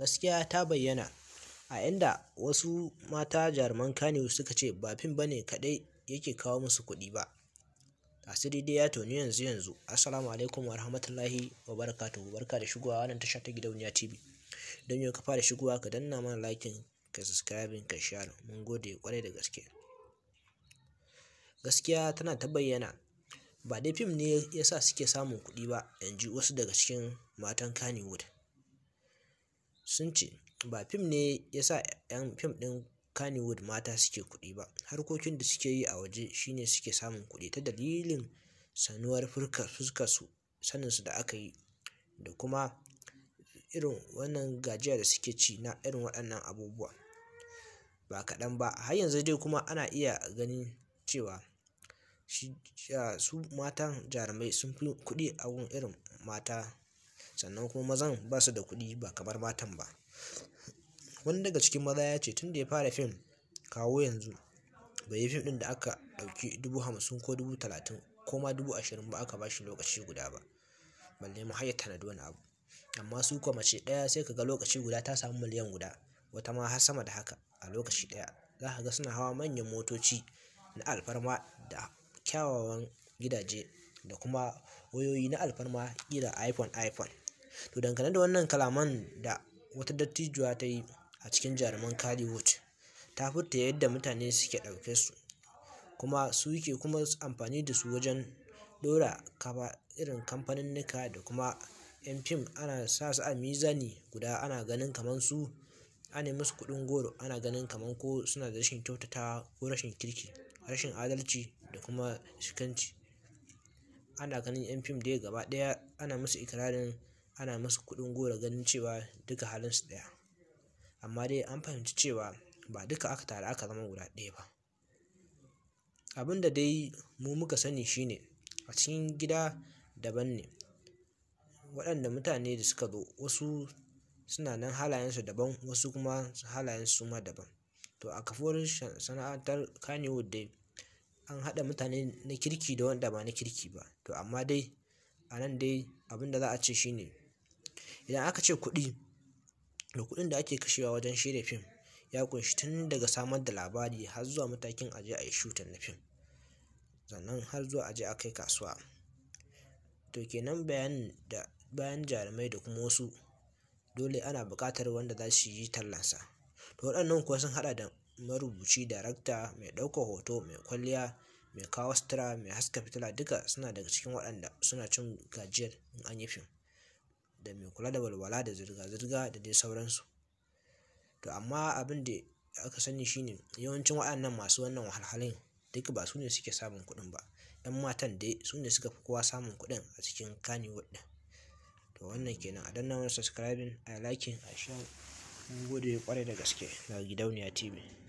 gaskiya ta bayyana a inda wasu mata jaruman Kannywood suka ce ba fim bane kadai yake kawo musu kuɗi ba. tasiri dai ya toni yanzu yanzu. Assalamu alaikum wa rahmatullahi wa barakatuhu. Barka da shigowa wannan tasha ta gidauniya TV. Don yau ka fara shigowa ka danna mana likin ka subscribing ka share. Mun gode kwarai da gaske. Gaskiya tana ta bayyana ba dai fim ne yasa suke samun kuɗi ba, yanzu wasu daga cikin matan Kannywood. sun ce ba fim ne ya sa 'yan fim ɗin kanewood mata suke kuɗi ba harkokin da suke yi a waje shine suke samun kuɗi ta dalilin sanuwar fuskarsu saninsu da aka yi da kuma irin wannan gajiya da suke ci na irin waɗannan abubuwa ba kaɗan ba har yanzu dai kuma ana iya ganin cewa su matan jarumai sun fi kuɗi a irin mata sannan kuma mazan ba su da kuɗi ba kamar matan ba. Wani daga cikin maza ya ce tun da ya fara fim kawo yanzu bai yi fim ɗin da aka ɗauki dubu hamsin ko dubu talatin ko ma dubu ashirin ba aka bashi lokaci guda ba. Balle mu har ya tanadi wani abu. Amma su kuwa mace ɗaya sai ka ga lokaci guda ta samu miliyan guda wata ma har sama da haka a lokaci ɗaya. Za ka ga suna hawa manyan motoci na alfarma da kyawawan gidaje da kuma wayoyi na alfarma iya iPhone iPhone. To dangane da wannan kalaman da wata dattijuwa ta yi a cikin jaruman kaliwood ta furta yadda mutane suke ɗauke su kuma su suke kuma amfani da su wajen dora kafa irin kamfanin nika da kuma 'yan fim ana sa su a mizani guda ana ganin kamar su ana musu kuɗin goro ana ganin kamar ko suna da rashin kyautatawa ko rashin kirki rashin adalci da kuma shikanci ana ganin 'yan fim dai gaba ɗaya ana musu ikirarin ana masu kuɗin goro ganin cewa duka halin su ɗaya amma dai an fahimci cewa ba duka aka tare aka zama guda ɗaya ba abin da dai mu muka sani shine a cikin gida daban ne waɗanda mutane da suka zo wasu suna nan halayensu daban wasu kuma halayensu ma daban to a kafuwar sana'antar kanewood dai an haɗa mutane na kirki da wanda ba na kirki ba to amma dai a nan dai abin da za a ce shine Idan aka ce kuɗi, da kuɗin da ake kashewa wajen shirya fim ya kunshi tun daga samar da labari har zuwa matakin aje a yi shutan na fim. Sannan har zuwa aje a kai kasuwa. To kenan bayan da bayan jarumai da kuma wasu dole ana buƙatar wanda za su yi tallansa. To waɗannan kuwa sun haɗa da marubuci, darakta, mai ɗaukar hoto, mai kwalliya, mai kawo sutura, mai haska fitila duka suna daga cikin waɗanda suna cin gajiyar in an yi fim. da mai kula da walwala da zirga-zirga da dai sauransu to amma abin da aka sani shine yawancin waɗannan masu wannan wahalhalun duk ba su ne suke samun kuɗin ba yan matan dai su ne suka fi kowa samun kuɗin a cikin kani ɗin to wannan kenan a danna wani subscribing a liking a share gode kwarai da gaske daga gidauniya tv